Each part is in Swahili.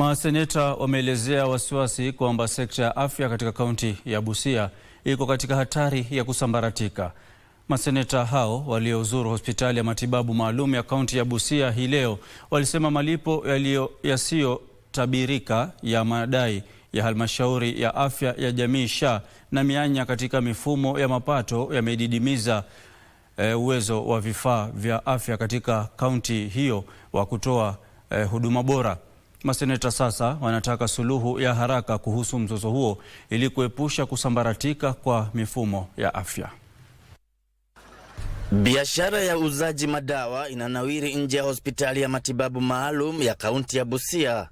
Maseneta wameelezea wasiwasi kwamba sekta ya afya katika kaunti ya Busia iko katika hatari ya kusambaratika. Maseneta hao waliozuru hospitali ya matibabu maalum ya kaunti ya Busia hii leo walisema malipo yasiyotabirika ya madai ya halmashauri ya afya ya jamii SHA na mianya katika mifumo ya mapato yamedidimiza e, uwezo wa vifaa vya afya katika kaunti hiyo wa kutoa e, huduma bora. Maseneta sasa wanataka suluhu ya haraka kuhusu mzozo huo ili kuepusha kusambaratika kwa mifumo ya afya. Biashara ya uuzaji madawa inanawiri nje ya hospitali ya matibabu maalum ya kaunti ya Busia.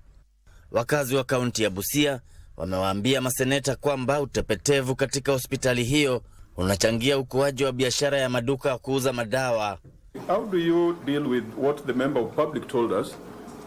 Wakazi wa kaunti ya Busia wamewaambia maseneta kwamba utepetevu katika hospitali hiyo unachangia ukuaji wa biashara ya maduka ya kuuza madawa. How do you deal with what the member of public told us?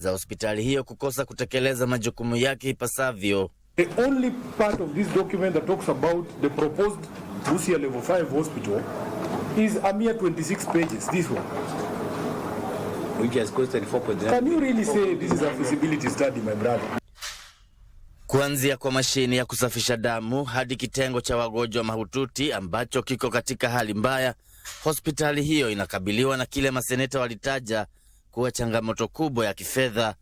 za hospitali hiyo kukosa kutekeleza majukumu yake ipasavyo. The only part of this document that talks about the proposed Busia level 5 hospital is a mere 26 pages, this one. Which has costed 4.9. Can you really say this is a feasibility study, my brother? Kuanzia kwa mashine ya kusafisha damu hadi kitengo cha wagonjwa mahututi ambacho kiko katika hali mbaya, hospitali hiyo inakabiliwa na kile maseneta walitaja kuwa changamoto kubwa ya kifedha.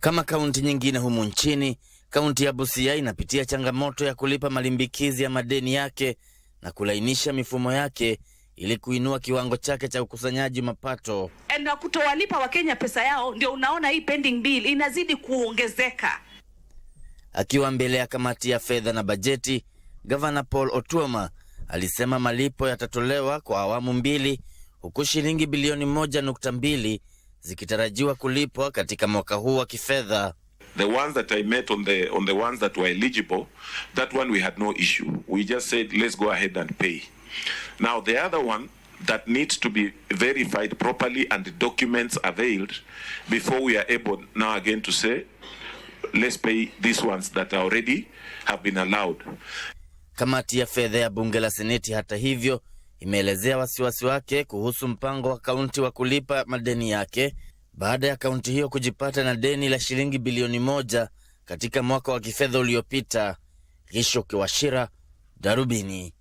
Kama kaunti nyingine humu nchini, kaunti ya Busia inapitia changamoto ya kulipa malimbikizi ya madeni yake na kulainisha mifumo yake ili kuinua kiwango chake cha ukusanyaji mapato. Na kutowalipa Wakenya pesa yao, ndio unaona hii pending bill inazidi kuongezeka. Akiwa mbele ya kamati ya fedha na bajeti, gavana Paul Otuoma alisema malipo yatatolewa kwa awamu mbili, huku shilingi bilioni 1.2 zikitarajiwa kulipwa katika mwaka huu wa kifedha. The ones that I met on the, on the ones that were eligible, that one we had no issue. We just said, let's go ahead and pay. Now, the other one that needs to be verified properly and the documents availed before we are able now again to say, let's pay these ones that already have been allowed. Kamati ya fedha ya bunge la seneti hata hivyo imeelezea wasiwasi wake kuhusu mpango wa kaunti wa kulipa madeni yake baada ya kaunti hiyo kujipata na deni la shilingi bilioni moja katika mwaka wa kifedha uliopita. Gishoke Kiwashira, Darubini.